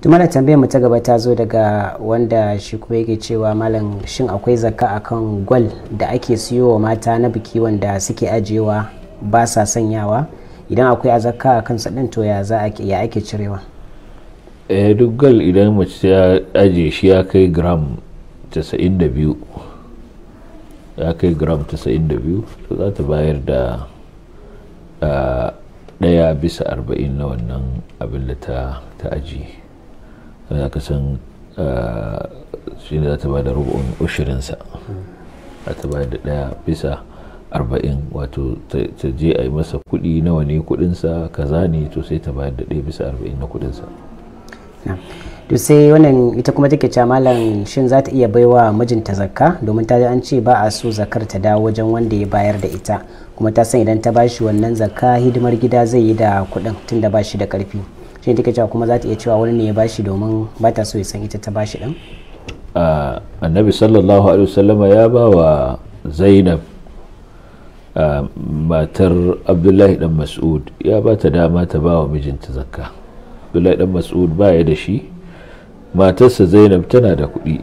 tumala tambayar mu ta gaba ta zo daga wanda shi kuma yake cewa malam shin akwai zakka akan gwal da ake siyo wa mata na biki wanda suke ajiyewa ba sa sanyawa idan akwai a zakka akan sadin to ya za ya ake cirewa eh duk gwal idan mace ta aje shi ya kai gram 92 ya kai gram 92 to za ta bayar da daya ah, bisa arba'in na wannan abin da ta aji. za kasan san eh, shi ne za ta ba da rubu'un ushirinsa a ta ba da daya bisa arba'in wato ta je a yi masa kuɗi nawa ne kuɗinsa kaza ne to sai ta bayar da ɗaya bisa arba'in na kuɗinsa to sai wannan ita kuma take cewa malam shin za ta iya baiwa mijinta zakka domin ta an ce ba a so zakar ta dawo wajen wanda ya bayar da ita kuma ta san idan ta bashi wannan zakka hidimar gida zai yi da kuɗin tunda ba shi da karfi. shi take cewa kuma za ta iya cewa wani ne ya bashi domin ba ta so ya san ita ta bashi din annabi sallallahu alaihi wasallama ya ba wa zainab matar abdullahi dan mas'ud ya ba ta dama ta ba wa mijinta zakka abdullahi dan mas'ud ba ya da shi matarsa zainab tana da kuɗi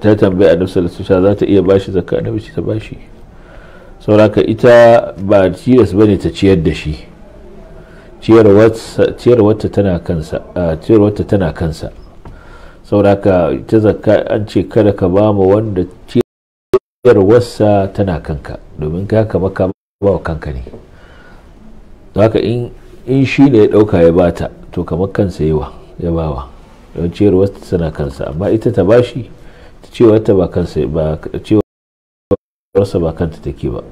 ta tambaya annabi sallallahu alaihi za ta iya bashi zakka annabi ta bashi sauraka ita ba tilas bane ta ciyar da shi ciyar tana kansa tana kansa sauraka ta zaka an ce kada ka ba mu wanda wasa tana kanka domin ka kama ka ba wa kanka ne haka in shi ne ya dauka ya bata to kamar kansa yawa ya bawa don ciyar wasa tana kansa amma ita ta bashi ta wata ba kansa ba wasa ba kanta take ba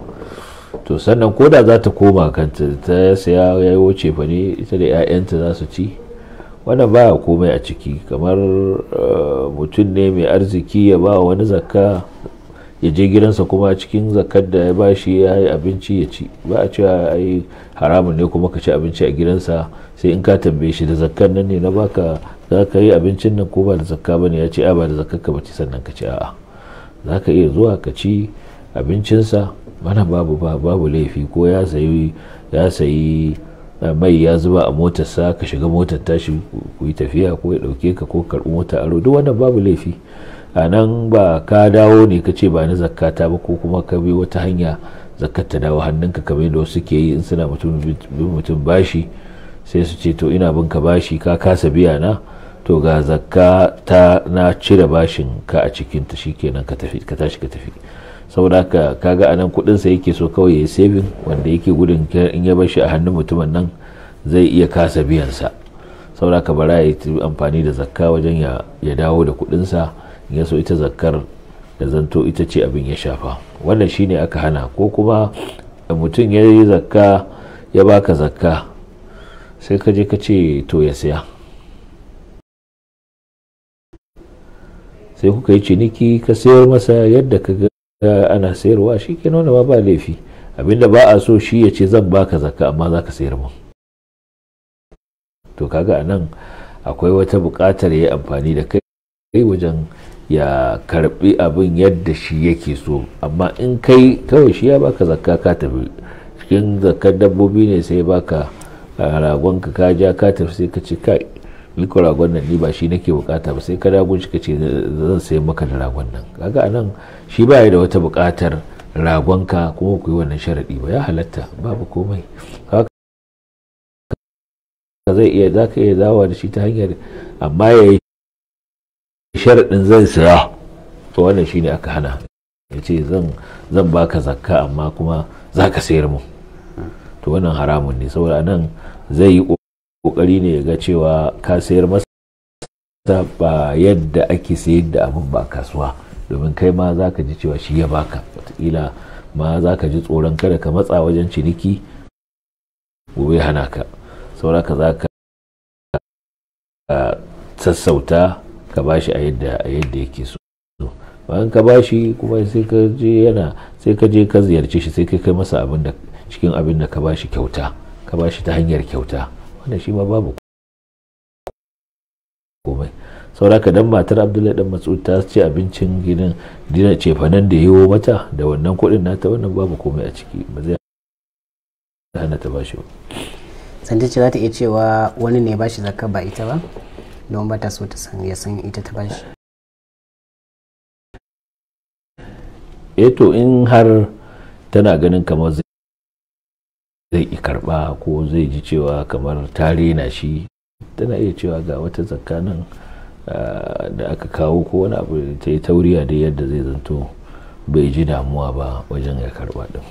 to sannan ko da za ta koma kanta ta saya ya wuce fa ne ita da 'ya'yanta za su ci wannan ba komai a ciki kamar eh, mutum ne mai arziki ya ba wani zakka ya je gidansa kuma cikin zakkar da ya ba shi ya yi abinci ya ci ba a cewa ai haramun ne kuma ka ci abinci a gidansa sai in ka tambaye shi da zakkar nan ne na baka za ka yi abincin nan ko ba da zakka ba ne ya ce a ba da zakkar ka ba ci sannan ka ci a'a za ka iya zuwa ka ci abincinsa mana babu ba babu laifi ko ya sayi ya sayi eh, mai ya zuba a motar sa ka shiga motar tashi ku yi tafiya ko ya dauke ka ko karbi mota aro duk wannan babu laifi a nan ba ka dawo ne ka ce ba ni zakata ba ko kuma ka bi wata hanya zakat ta dawo hannunka kamar da wasu ke yi in suna mutum mutum bashi sai su ce to ina bin ka bashi ka kasa biya na to ga zakka ta na cire bashin ka a cikinta shikenan ka tafi ka tashi ka tafi saboda ka kaga anan sa yake so kawai ya saving wanda yake gudun in ya bar shi a hannun mutumin nan zai iya kasa biyan sa saboda ka bara ya yi amfani da zakka wajen ya dawo da kudinsa ya so ita zakkar da zanto ita ce abin ya shafa wannan shine aka hana ko kuma mutum ya yi zakka ya baka zakka sai ka je ka ce to ya saya sai kuka yi ciniki ka sayar masa yadda ka ga Eh, ana sayarwa shi ke nuna ma ba laifi abinda ba a so shi ya ce zan baka zakka amma za ka sayar mun to kaga anan akwai wata buƙatar ya yi amfani da kai wajen ya karbi abin yadda shi yake so amma in kai kawai shi ya baka zakka ka tafi cikin zakkar dabbobi ne sai baka eh, ragonka ka ja ka tafi sai ka ce kai liko ragon nan ni ba shi nake bukata ba sai ka ragon shi kace zan sayi maka da ragon nan kaga anan shi ba da wata bukatar ragon ka kuma ku yi wannan sharadi ba ya halatta babu komai zai iya za ka iya dawa da shi ta hanyar amma ya yi sharadin zai saya to wannan shine aka hana ya ce zan baka zakka amma kuma za ka sayar mu to wannan haramun ne saboda nan zai yi kokari ne ya ga cewa ka sayar masa ba yadda ake sayar da abun ba kasuwa domin kai ma za ka ji cewa shi ya baka watakila ma za ka ji tsoron kada ka matsa wajen ciniki gobe hana ka sauraka za ka sassauta ka bashi a yadda yake so bayan ka bashi kuma sai ka je ka je ziyarce shi sai ka kai masa cikin abin da ka bashi kyauta ka bashi ta hanyar kyauta wanda shi ma babu komai sauraka dan matar abdullahi dan matsud ta ce abincin gidan dina ce fanan da yiwo mata da wannan na nata wannan babu komai a ciki ba zai hana ta bashi ba sanda ce za ta iya cewa wani ne bashi zakka ba ita ba don ba ta so ta san ya san ita ta bashi eto eh in har tana ganin kamar zai yi karba ko zai ji cewa kamar tare na shi tana iya cewa ga wata tsakanin ah, da aka kawo ko wani abu ta yi tauriya da yadda zai zanto bai ji damuwa ba wajen ya karba din